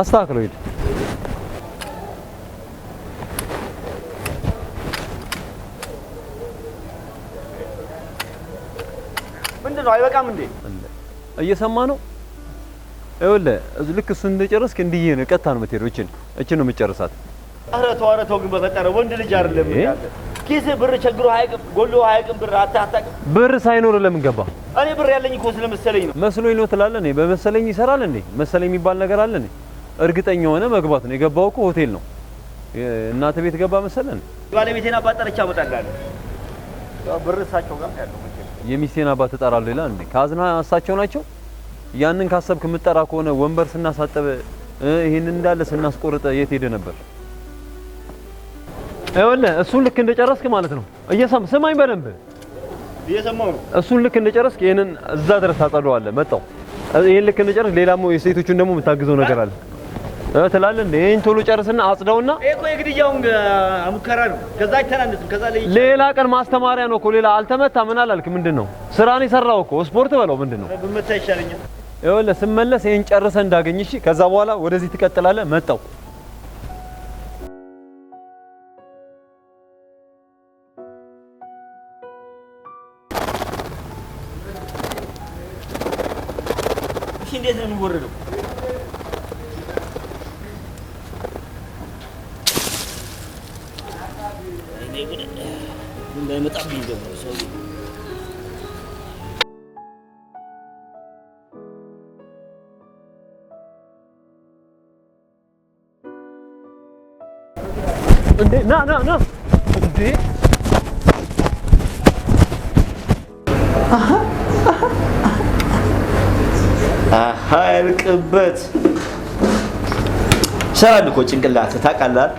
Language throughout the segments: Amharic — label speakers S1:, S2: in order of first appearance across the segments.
S1: አስተካክለው ሂድ።
S2: ምንድን ነው አይበቃም እንዴ?
S1: እየሰማህ ነው? ይኸውልህ ልክ እሱን እንደጨረስክ እንዲህ ነው ቀጥታ ነው የምትሄደው። እችን እችን ነው የምትጨርሳት።
S2: ኧረ ተው ኧረ ተው ግን በፈጠረ ወንድ ልጅ አይደለም ያለ ኪስህ ብር ቸግሮ አያውቅም፣ ጎሎ አያውቅም። ብር አታውቅም።
S1: ብር ሳይኖር ለምን ገባ?
S2: እኔ ብር ያለኝ እኮ ስለመሰለኝ ነው።
S1: መስሎኝ ነው ትላለህ። እኔ በመሰለኝ ይሰራል እንዴ? መሰለኝ የሚባል ነገር አለ እንዴ? እርግጠኛ ሆነ መግባት ነው። የገባው እኮ ሆቴል ነው። እናተ ቤት ገባ መሰለን።
S2: ባለቤቴን አባት ጠርቼ አመጣልሃለሁ። ብር እሳቸው ጋር ያለው
S1: የሚስቴን አባት እጠራለሁ ይላል እንዴ? ካዝና እሳቸው ናቸው። ያንን ካሰብክ የምጠራ ከሆነ ወንበር ስናሳጠበ ይሄን እንዳለ ስናስቆርጠ የት ሄደ ነበር? ይኸውልህ እሱን ልክ እንደጨረስክ ማለት ነው። እየሰማ ስማኝ በደንብ እየሰማው ነው። እሱን ልክ እንደጨረስክ ይሄንን እዛ ድረስ ታጸደዋለህ። መጣው ይሄን ልክ እንደጨረስክ ሌላ የሴቶቹን ደግሞ የምታግዘው ነገር አለ። ትላለህ እንዴ? ይሄን ቶሎ ጨርስና አጽደውና
S2: እኮ የግድያው ሙከራ ነው። ከዛ አይተናነስም። ከዛ ላይ
S1: ሌላ ቀን ማስተማሪያ ነው እኮ ሌላ አልተመታ ምን አላልክ? ምንድነው ስራን የሰራው እኮ ስፖርት በለው ምንድነው?
S2: ብመታ ይሻለኛል።
S1: ይኸውልህ ስመለስ ይሄን ጨርሰ እንዳገኝ እሺ። ከዛ በኋላ ወደዚህ ትቀጥላለህ። መጣው
S2: እሺ። እንዴት ነው የሚወረደው? በጣም የሚገርም ሰው
S1: እንዴ! ና ና ና! እንዴ! አሃ ያልቅበት ሰላም እኮ ጭንቅላት ታውቃለህ።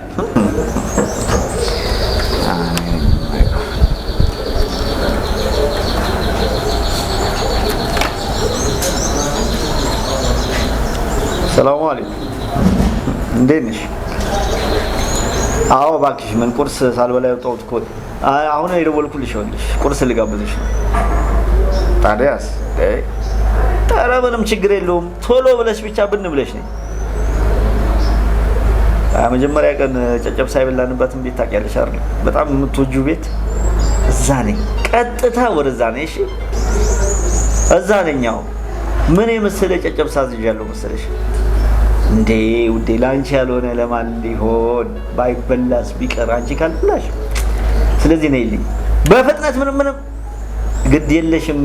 S1: ሰላሙ አለይኩም እንዴት ነሽ? አዎ እባክሽ፣ ምን ቁርስ ሳልበላ የወጣሁት እኮ አሁን የደወልኩልሽ ይኸውልሽ፣ ቁርስ ልጋብዝሽ ነው። ታዲያስ? ኧረ ምንም ችግር የለውም ቶሎ ብለሽ ብቻ ብን ብለሽ ነኝ። መጀመሪያ ቀን ጨጨብሳ የበላንበትን ቤት ታውቂያለሽ አይደል? በጣም የምትወጂው ቤት እዛ ነኝ፣ ቀጥታ ወደዛ ነኝ። እሺ እዛ ነኝ። አሁን ምን የመሰለ ጨጨብሳ አዝዣለሁ መሰለሽ እንዴ ውዴ ለአንቺ ያልሆነ ለማን ሊሆን ባይበላስ ቢቀር አንቺ ካልበላሽ፣ ስለዚህ ነው ይልኝ በፍጥነት ምንም ምንም ግድ የለሽም።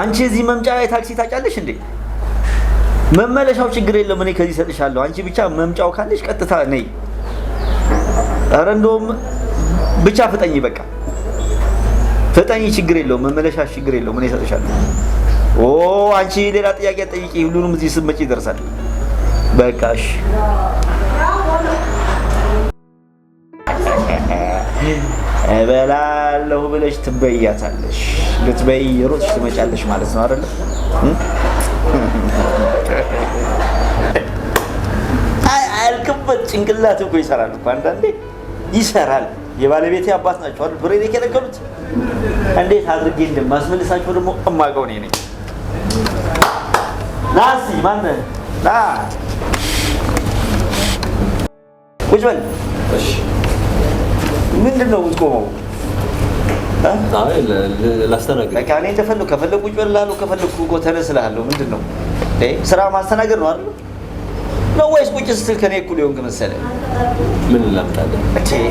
S1: አንቺ እዚህ መምጫ የታክሲ ታጫለሽ እንዴ? መመለሻው ችግር የለው እኔ ከዚህ ሰጥሻለሁ። አንቺ ብቻ መምጫው ካለሽ ቀጥታ ነይ። ኧረ እንደውም ብቻ ፍጠኝ፣ በቃ ፍጠኝ፣ ችግር የለውም መመለሻ ችግር የለውም እኔ እሰጥሻለሁ። ኦ አንቺ ሌላ ጥያቄ ጠይቂ፣ ሁሉንም እዚህ ስትመጪ ይደርሳል። በቃሽ እበላለሁ ብለሽ ትበያታለሽ። ልትበይ ሮጥሽ ትመጫለሽ ማለት ነው አይደለ? አልክበት ጭንቅላት እኮ ይሰራል እኮ አንዳንዴ ይሰራል። የባለቤቴ አባት ናቸው አይደል? ብሬ ነው የከለከሉት። እንዴት አድርጌ እንደማስመልሳቸው ደግሞ እማውቀው እኔ ነኝ። 나시 맞네. 나. Which one? ምንድን ነው የምትቆመው? ላስተናግድ በቃ እኔ እንደፈለኩ ከፈለኩ ቁጭ በል እልሃለሁ፣ ከፈለኩ ጎተረ ስልሃለሁ። ምንድን ነው ስራ ማስተናገድ ነው አይደል? ነው ወይስ ቁጭ ስትል ከኔ እኩል የሆንክ መሰለህ?
S2: ምን ላምጣልህ?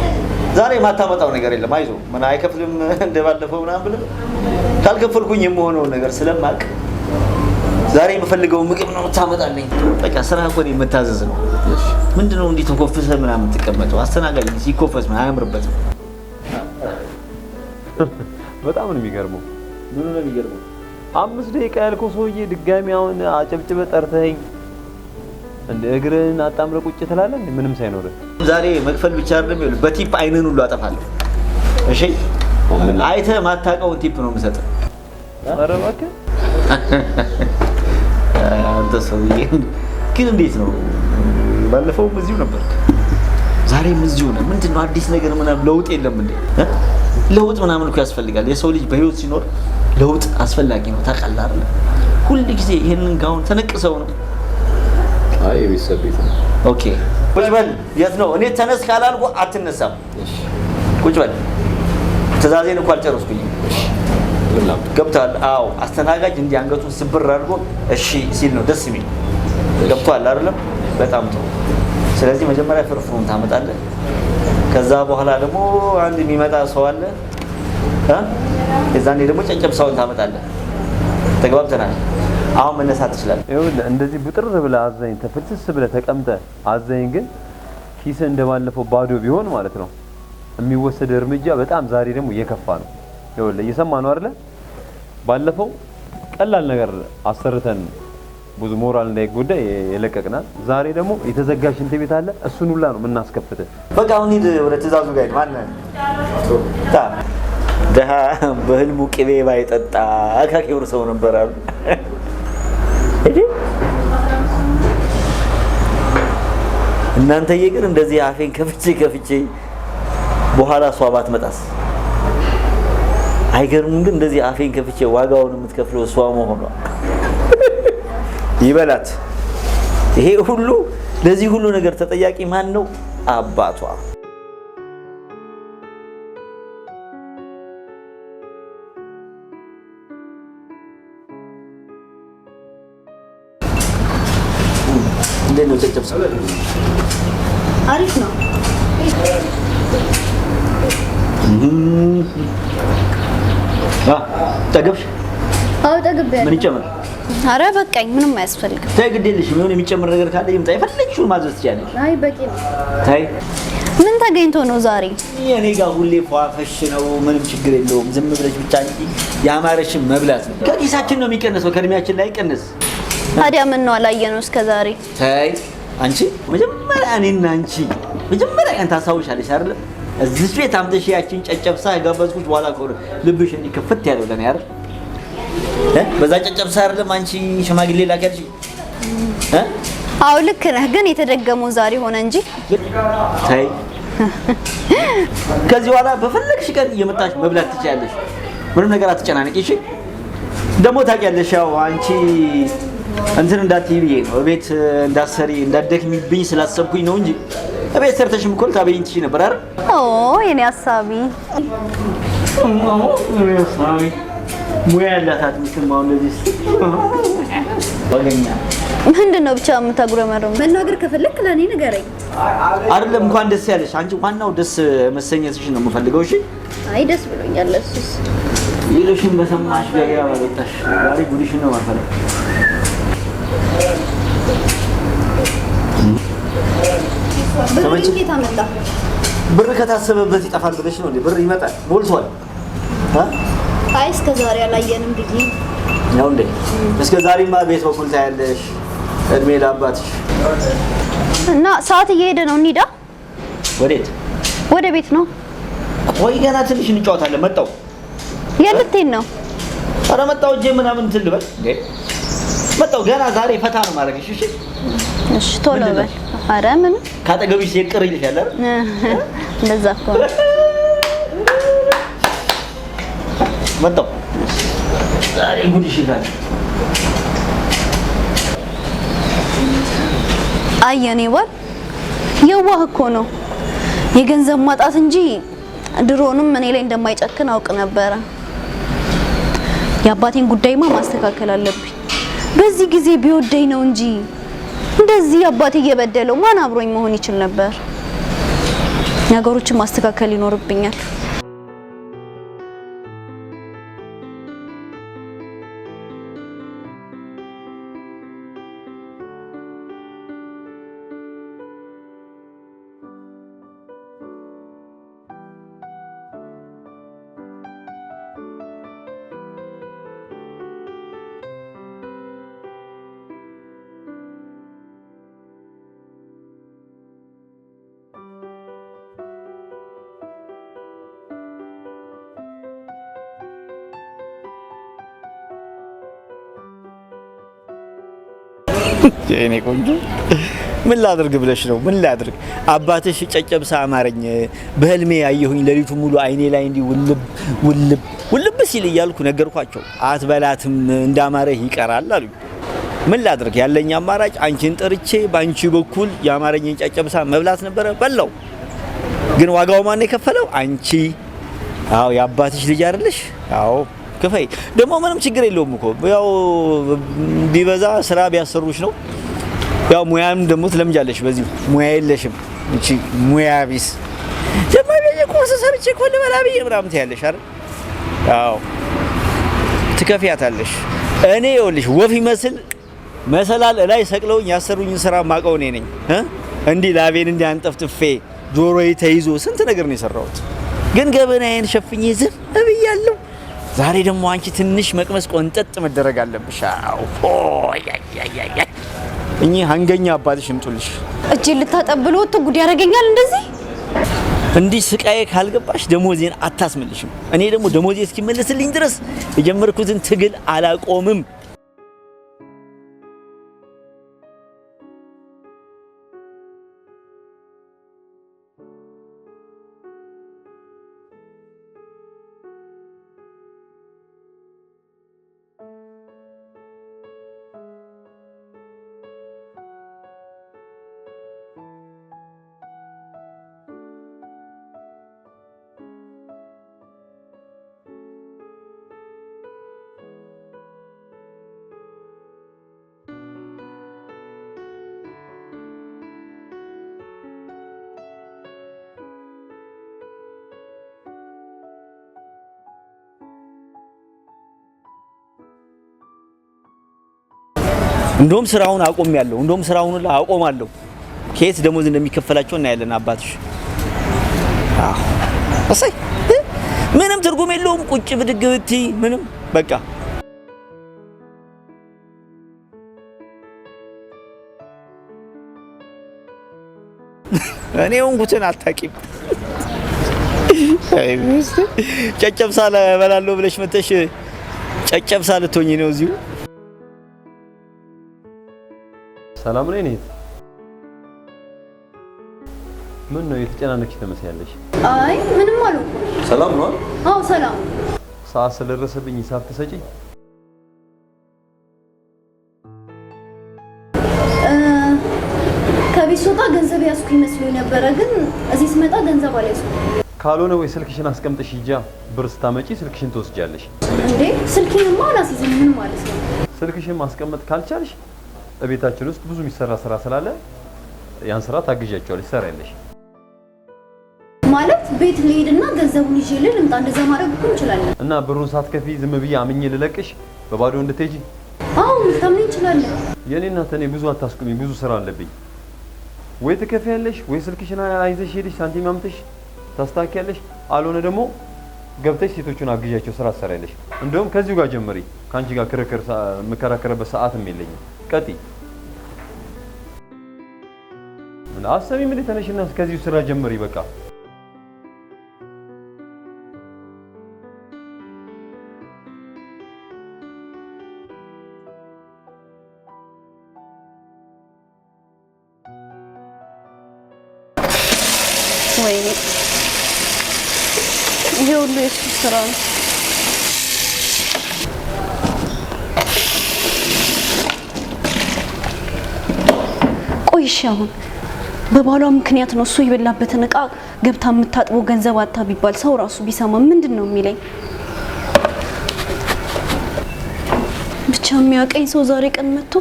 S1: ዛሬ የማታመጣው ነገር የለም። አይዞህ ምን አይከፍልም እንደባለፈው ምናምን ብለህ ካልከፈልኩኝ የምሆነውን ነገር ስለማቅ ዛሬ የምፈልገው ምግብ ነው ታመጣለኝ በቃ ስራ እኮ የምታዘዝ ነው። ምንድን ነው እንዲህ ተኮፍሰ ምናምን የምትቀመጠው? አስተናጋጅ ሲኮፈስ ምን አያምርበትም። በጣም ነው የሚገርመው። ምን ነው የሚገርመው? አምስት ደቂቃ ያልከው ሰውዬ ድጋሚ አሁን አጨብጭበ ጠርተኸኝ እንደ እግርን አጣምረ ቁጭ ትላለህ ምንም ሳይኖር። ዛሬ መክፈል ብቻ አይደለም ይኸውልህ፣ በቲፕ አይንን ሁሉ አጠፋለሁ። እሺ፣ አይተህ ማታውቀውን ቲፕ ነው የምሰጥህ። ኧረ እባክህ ግን እንዴት ነው? ባለፈውም እዚሁ ነበር ዛሬም እዚሁ ነው። ምንድን ነው አዲስ ነገር ምናምን ለውጥ የለም እንዴ? ለውጥ ምናምን እኮ ያስፈልጋል። የሰው ልጅ በህይወት ሲኖር ለውጥ አስፈላጊ ነው። ታውቃለህ አይደል? ሁል ጊዜ ይህንን ጋውን ተነቅሰው ነው።
S2: አይ ቢሰብት
S1: ኦኬ፣ ቁጭ በል። የት ነው? እኔ ተነስ ካላልኩ አትነሳም። ቁጭ በል። ትዕዛዜን እኮ አልጨረስኩኝም። ገብቷል። አዎ አስተናጋጅ እንዲህ አንገቱን ስብር አድርጎ እሺ ሲል ነው ደስ የሚል። ገብቷል አይደለም? በጣም ጥሩ። ስለዚህ መጀመሪያ ፍርፍሩን ታመጣለህ። ከዛ በኋላ ደግሞ አንድ የሚመጣ ሰው አለ። የዛኔ ደግሞ ጨጨብሳውን ታመጣለህ። ተግባብተናል። አሁን መነሳት ትችላለህ። ይኸውልህ እንደዚህ ቡጥር ብለህ አዛኝ ተፍልስስ ብለህ ተቀምጠህ አዛኝ ግን ኪስ እንደባለፈው ባዶ ቢሆን ማለት ነው የሚወሰድ እርምጃ በጣም ዛሬ ደግሞ እየከፋ ነው። ይኸውልህ እየሰማ ነው አይደለ? ባለፈው ቀላል ነገር አሰርተን ብዙ ሞራል እንዳይጎዳ የለቀቅናል። ዛሬ ደግሞ የተዘጋ ሽንት ቤት አለ፣ እሱን ሁላ ነው የምናስከፍት። በቃ አሁን ሂድ ወደ ትእዛዙ ጋር ሂድ። ድሀ በህልሙ ቅቤ ባይጠጣ አካኬብር ሰው ነበር አሉ። እናንተዬ ግን እንደዚህ አፌን ከፍቼ ከፍቼ በኋላ እሷ ባትመጣስ አይገርሙም ግን እንደዚህ አፌን ከፍቼ ዋጋውን የምትከፍለው እሷ መሆኗ ይበላት። ይሄ ሁሉ ለዚህ ሁሉ ነገር ተጠያቂ ማን ነው? አባቷ። እንዴት ነው አሪፍ ነው። ጠገብሽ? አዎ ጠግቤያለሁ። ምን ይጨምር?
S3: አረ በቃኝ፣ ምንም አያስፈልግም።
S1: ተይ ግድ የለሽም። የሆነ የሚጨምር ነገር ካለ ይምጣ፣ የፈለግሽውን ማዘዝ ትችያለሽ። አይ በቂ ነው። ተይ
S3: ምን ተገኝቶ ነው ዛሬ?
S1: የኔ ጋር ሁሌ ፏፈሽ ነው፣ ምንም ችግር የለውም። ዝም ብለሽ ብቻ እንጂ ያማረሽን መብላት ነው። ከኪሳችን ነው የሚቀንሰው ከእድሜያችን ላይ ቀንስ።
S3: ታዲያ ምን ነው አላየነው እስከ ዛሬ?
S1: ተይ አንቺ መጀመሪያ እኔና አንቺ መጀመሪያ ቀን ታስታውሻለሽ አይደል? እዚህ ቤት አምጥሽ ያችን ጨጨብሳ የጋበዝኩሽ በኋላ እኮ ልብሽ እንዲህ ክፍት ያለው ለኔ አይደል? በዛ ጨጨብሳ አይደለም አንቺ ሽማግሌ ላከልሽ።
S3: አዎ ልክ ነህ፣ ግን የተደገመው ዛሬ ሆነ እንጂ
S1: ተይ፣ ከዚህ በኋላ በፈለግሽ ቀን እየመጣሽ መብላት ትችያለሽ። ምንም ነገር አትጨናነቂ። እሺ ደግሞ ታውቂያለሽ፣ ያው አንቺ እንትን እንዳትዪ ብዬ ነው ቤት እንዳትሰሪ እንዳትደክሚብኝ ስላሰብኩኝ ነው እንጂ እቤት ሰርተሽ ምኮል ታበይንቺ ነበር አይደል?
S3: ኦ የኔ ሀሳቢ
S1: ሙያ ያላታት ምስል ማሁን ለዚህ ወገኛ
S3: ምንድን ነው ብቻ የምታጉረመረው? መናገር ከፈለክ ለእኔ ንገረኝ።
S1: አይደለም እንኳን ደስ ያለሽ አንቺ፣ ዋናው ደስ መሰኘትሽ ነው የምፈልገው። እሺ።
S3: አይ ደስ ብሎኛል። እሱስ
S1: ሌሎሽን በሰማሽ ገበያ ባልወጣሽ ዛሬ ጉድሽን ነው ማፈለው ብር ከታሰበበት ይጠፋል ብለሽ ነው? ብር ይመጣል፣ ሞልቷል።
S3: አይ እስከ ዛሬ አላየንም ብዬ
S1: ነው እንዴ? እስከ ዛሬማ ቤት በኩል ታያለሽ። እድሜ ለአባትሽ
S3: እና ሰዓት እየሄደ ነው። እንሂዳ። ወዴት? ወደ ቤት ነው።
S1: ቆይ ገና ትንሽ እንጫወታለን። መጣው የት ልትሄድ ነው? ኧረ መጣሁ እጄ ምናምን እንትን ልበል እንዴ? መጣው ገና ዛሬ ፈታ ነው ማድረግሽ። እሺ
S3: እሺ፣ ቶሎ በል። ኧረ ምንም
S1: ካጠገብሽ ሴት ቅር ይልሻል አይደል? እንደዛ እኮ መጣሁ። ዛሬ ጉድሽ ይላል።
S3: አየኔ ባል የዋህ እኮ ነው። የገንዘብ ማጣት እንጂ ድሮንም እኔ ላይ እንደማይጨክን አውቅ ነበረ። የአባቴን ጉዳይማ ማስተካከል አለብኝ። በዚህ ጊዜ ቢወደኝ ነው እንጂ እንደዚህ አባቴ እየበደለው ማን አብሮኝ መሆን ይችል ነበር? ነገሮችን ማስተካከል ይኖርብኛል።
S1: የኔ ቆንጆ ምን ላድርግ ብለሽ ነው? ምን ላድርግ አባትሽ ጨጨብሳ አማረኝ። በህልሜ ያየሁኝ ሌሊቱ ሙሉ አይኔ ላይ እንዲህ ውልብ ውልብ ውልብ ሲል እያልኩ ነገርኳቸው። አትበላትም እንዳማረህ ይቀራል አሉኝ። ምን ላድርግ ያለኝ አማራጭ አንቺን ጠርቼ በአንቺ በኩል የአማረኝን ጨጨብሳ መብላት ነበረ። በላው። ግን ዋጋው ማን የከፈለው? አንቺ። አዎ የአባትሽ ልጅ አይደለሽ? አዎ ክፈይ ደግሞ ምንም ችግር የለውም እኮ ያው ቢበዛ ስራ ቢያሰሩሽ ነው። ያው ሙያም ደግሞ ትለምጃለሽ። በዚህ ሙያ የለሽም እቺ ሙያ ቢስ ደግሞ የኮርስ ሰርቼ እኮ ልበላ ብዬ ምናምን ትያለሽ አይደል? አዎ ትከፍያታለሽ። እኔ ይኸውልሽ ወፍ ይመስል መሰላል ላይ ሰቅለውኝ ያሰሩኝን ስራ ማቀው እኔ ነኝ። እንዲህ ላቤን እንዲህ አንጠፍጥፌ ጆሮዬ ተይዞ ስንት ነገር ነው የሰራሁት። ግን ገበናዬን ሸፍኜ ዝም ብያለሁ። ዛሬ ደግሞ አንቺ ትንሽ መቅመስ ቆንጠጥ መደረግ አለብሽ። እኚህ አንገኛ አባትሽ ይምጡልሽ።
S3: እጅ ልታጠብሎ ወጥቶ ጉድ ያደርገኛል። እንደዚህ
S1: እንዲህ ስቃዬ ካልገባሽ ደሞዜን አታስመልሽም። እኔ ደግሞ ደሞዜ እስኪመለስልኝ ድረስ የጀመርኩትን ትግል አላቆምም። እንደውም ስራውን አቆም ያለው እንደውም ስራውን አቆም አለው። ከየት ደሞዝ እንደሚከፈላቸው እናያለን። አባትሽ አዎ፣ እሰይ ምንም ትርጉም የለውም። ቁጭ ብድግ ብቲ ምንም በቃ እኔ ሆንኩትን አታቂም። ጨጨብሳ እበላለሁ ብለሽ መተሽ ጨጨብሳ ልትሆኚ ነው እዚሁ ሰላም ላይ እኔ። ምን ነው የተጨናነቅሽ ትመስያለሽ?
S3: አይ ምንም አሉ። ሰላም ነው? አዎ ሰላም።
S1: ሰዓት ስለደረሰብኝ ሂሳብ ትሰጪኝ?
S3: ከቤት ስወጣ ገንዘብ ያዝኩ ይመስሉኝ ነበረ፣ ግን እዚህ ስመጣ ገንዘብ አልያዝኩም።
S1: ካልሆነ ወይ ስልክሽን አስቀምጥሽ ሂጃ፣ ብር ስታመጪ ስልክሽን ትወስጃለሽ።
S3: እንዴ ስልኬንማ አላስይዝም። ምን ማለት ነው?
S1: ስልክሽን ማስቀመጥ ካልቻልሽ እቤታችን ውስጥ ብዙ የሚሰራ ስራ ስላለ ያን ስራ ታግዣቸዋል። ይሰራ ያለሽ
S3: ማለት ቤት ልሄድና ገንዘቡን ይዤ ልምጣ፣ እንደዛ ማድረግ እኮ እንችላለን።
S1: እና ብሩን ሳትከፊ ዝም ብዬ አምኜ ልለቅሽ በባዶ እንድትሄጂ?
S3: አዎ ልታምኝ እንችላለን።
S1: የእኔ እናት፣ እኔ ብዙ አታስቁሚ፣ ብዙ ስራ አለብኝ። ወይ ትከፊ ያለሽ ወይ ስልክሽን አይዘሽ ሄደሽ ሳንቲም አምጥተሽ ታስተካክያለሽ፣ አልሆነ ደግሞ ገብተሽ ሴቶቹን አግዣቸው ስራ ትሰሪያለሽ። እንደውም ከዚሁ ጋር ጀምሪ። ከአንቺ ጋር ክርክር የምከራከርበት ሰዓትም የለኝም። ቀጥይ። አሰሚ ምን ተነሽና እስከዚህ ስራ ጀምሪ ይበቃ።
S3: ወይኔ ይሄ ሁሉ የእሱ ስራ ነው። እሺ አሁን በባሏ ምክንያት ነው እሱ የበላበትን እቃ ገብታ የምታጥበው ገንዘብ አታ ቢባል ሰው ራሱ ቢሰማ ምንድን ነው የሚለኝ? ብቻ የሚያውቀኝ ሰው ዛሬ ቀን መጥቶ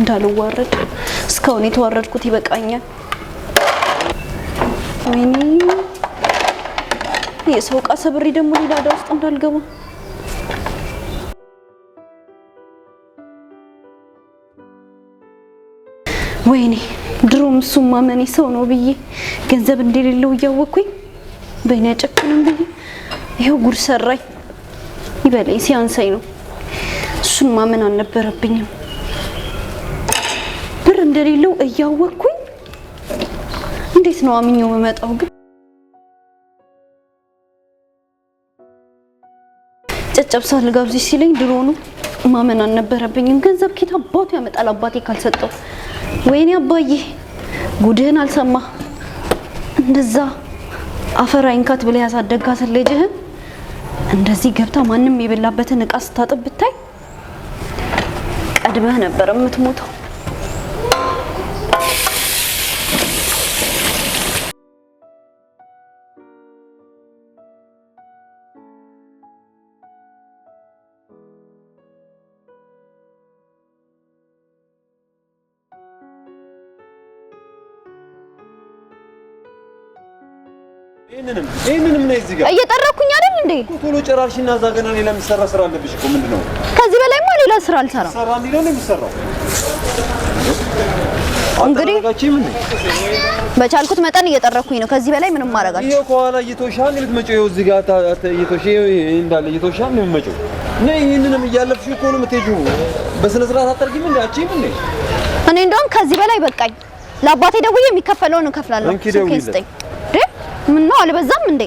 S3: እንዳልዋረድ እስካሁን የተዋረድኩት ይበቃኛል። ወይኔ የሰው እቃ ሰብሬ ደግሞ ሌላ ዕዳ ውስጥ እንዳልገባ እሱም ማመኔ ሰው ነው ብዬ ገንዘብ እንደሌለው እያወቅኩኝ በእኔ አጨክንም ብዬ ይኸው ጉድ ሰራኝ። ይበለኝ ሲያንሳኝ ነው። እሱን ማመን አልነበረብኝም። ብር እንደሌለው እያወቅኩኝ እንዴት ነው አምኜው የምመጣው? ግን ጨጨብሳ ልጋብዝሽ ሲለኝ ድሮ ነው ማመን አልነበረብኝም። ገንዘብ ኬት አባቱ ያመጣል አባቴ ካልሰጠው? ወይኔ አባዬ ጉድህን አልሰማ እንደዛ አፈር አይንካት ብለህ ያሳደጋትን ልጅህን እንደዚህ ገብታ ማንም የበላበትን እቃ ስታጥብ ብታይ ቀድበህ ነበር የምትሞተው።
S1: ይሄንንም ይሄንንም ነው እዚህ ጋር
S3: እየጠረኩኝ አይደል እንዴ?
S1: ቶሎ ጨራርሽና እዛ ገና ሌላ የሚሰራ ስራ አለብሽ እኮ። ምንድን
S3: ከዚህ በላይማ ሌላ ስራ አልሰራም።
S1: ሰራ ነው የሚሰራው። እንግዲህ
S3: በቻልኩት መጠን እየጠረኩኝ ነው። ከዚህ በላይ ምንም ማረጋችሁ።
S1: ይሄ ከኋላ እየተወሻል የምትመጪው ይሄው እዚህ ጋር እየተወሻል እንዳለ እየተወሻል ነው የምትመጪው። ነይ ይሄንንም እያለፍሽ እኮ ነው የምትሄጂው። በስነ ስርዓት አጠርጊም እንዴ አቺ ምን
S3: እኔ እንደውም ከዚህ በላይ በቃኝ። ለአባቴ ደውዬ የሚከፈለውን እከፍላለሁ። ስልኬን ስጠኝ ምን ነው አልበዛም እንዴ?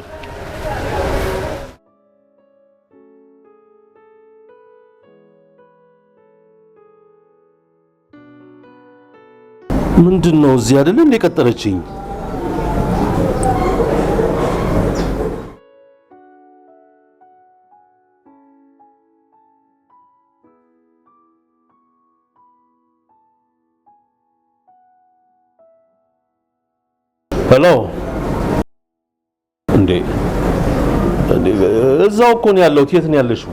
S1: ምንድን ነው እዚህ አይደል እንደ ቀጠረችኝ? ሄሎ እንዴ እዛው እኮ ነው ያለሁት። የት ነው ያለሽው?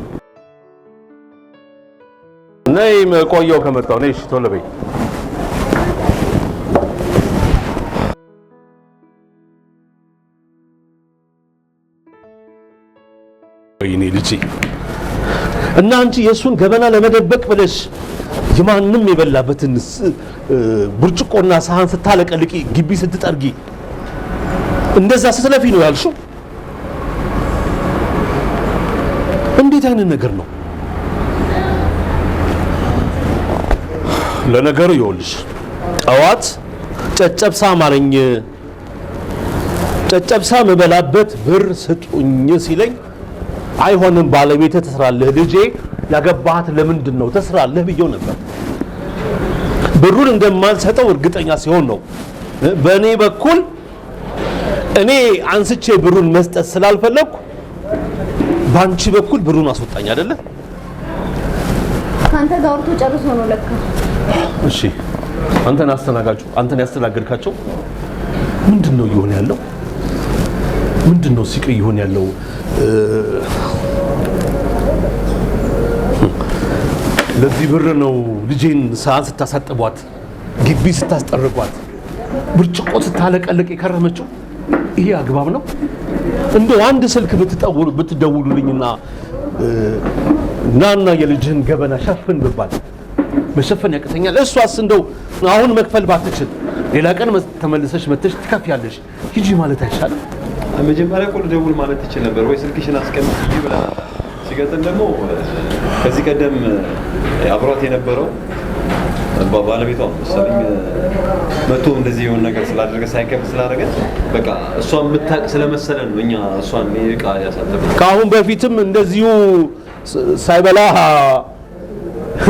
S1: ነይ ነይ እሺ፣ ቶሎ በይ። ወይኔ ልጄ እና አንቺ የእሱን ገበና ለመደበቅ ብለሽ የማንም የበላበትን ብርጭቆና ሳህን ስታለቀልቂ ግቢ ስትጠርጊ እንደዛ ስትለፊ ነው ያልሽው። እንዴት አይነት ነገር ነው? ለነገሩ ይኸውልሽ ጠዋት ጨጨብሳ ማረኝ ጨጨብሳ መበላበት ብር ስጡኝ ሲለኝ አይሆንም ባለቤት ትስራለህ፣ ልጄ ያገባሃት ለምንድን ነው ትስራለህ ብየው ነበር። ብሩን እንደማልሰጠው እርግጠኛ ሲሆን ነው በእኔ በኩል እኔ አንስቼ ብሩን መስጠት ስላልፈለኩ ባንቺ በኩል ብሩን አስወጣኝ አይደለ?
S3: ካንተ ጋር አውርቶ ጨርሶ ነው ለካ።
S1: እሺ አንተን አስተናጋጁ አንተን ያስተናገድካቸው ምንድን ነው እየሆነ ያለው? ምንድን ነው ሲቀይ እየሆነ ያለው? ለዚህ ብር ነው ልጄን ሰዓት ስታሳጥቧት፣ ግቢ ስታስጠርቋት፣ ብርጭቆ ስታለቀልቅ የከረመችው ይሄ አግባብ ነው? እንደው አንድ ስልክ ብትጠውሉ ብትደውሉልኝና ናና የልጅህን ገበና ሸፍን ብባል መሸፈን ያቅተኛል። እሷስ እንደው አሁን መክፈል ባትችል ሌላ ቀን ተመልሰሽ መተሽ ትከፍያለሽ ሂጂ ማለት አይቻልም?
S2: መጀመሪያ እኮ ደውል ማለት ትችል ነበር ወይ ስልክሽን አስቀምጥ ብላ ሲቀጥል ደግሞ ከዚህ ቀደም አብሯት የነበረው ባለቤቷ መሰለኝ መቶ እንደዚህ የሆነ ነገር ስላደረገ ሳይከፍ ስላደረገ በቃ እሷ የምታቅ ስለመሰለ ነው እኛ እሷን እቃ ያሳተፈ።
S1: ከአሁን በፊትም እንደዚሁ ሳይበላ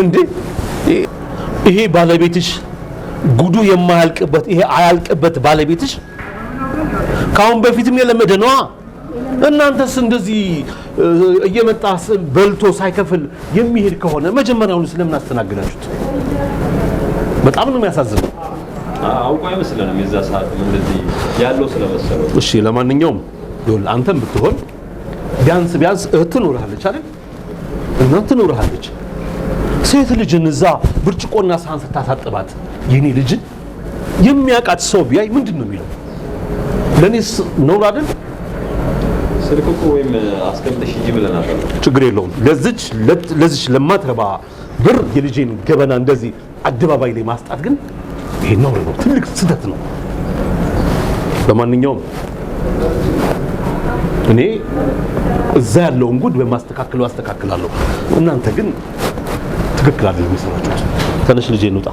S1: እንዴ ይሄ ባለቤትሽ ጉዱ የማያልቅበት ይሄ አያልቅበት ባለቤትሽ ከአሁን በፊትም የለመደ ነዋ። እናንተስ እንደዚህ እየመጣ በልቶ ሳይከፍል የሚሄድ ከሆነ መጀመሪያውን ስለምን አስተናግዳችሁት? በጣም ነው የሚያሳዝነው።
S2: አውቆ አይመስለንም የዛ ሰዓት እንደዚህ ያለው ስለመሰለው።
S1: እሺ ለማንኛውም አንተም ብትሆን ቢያንስ ቢያንስ እህት ትኖርሃለች አይደል? እናት ትኖርሃለች። ሴት ልጅን እዛ ብርጭቆና ሳህን ስታሳጥባት የኔ ልጅን የሚያውቃት ሰው ቢያይ ምንድን ነው የሚለው? ለእኔስ ነው አይደል?
S2: ስልክ እኮ ወይም አስቀምጠሽ ሂጂ ብለናል።
S1: ችግር የለውም። ለዚች ለማትረባ ብር የልጄን ገበና እንደዚህ አደባባይ ላይ ማስጣት ግን ይሄ ነው ትልቅ ስህተት ነው። ለማንኛውም እኔ እዛ ያለውን ጉድ በማስተካከለው አስተካክላለሁ። እናንተ ግን ትክክል አይደለም የሰራችሁት። ተነሽ ልጄ እንውጣ።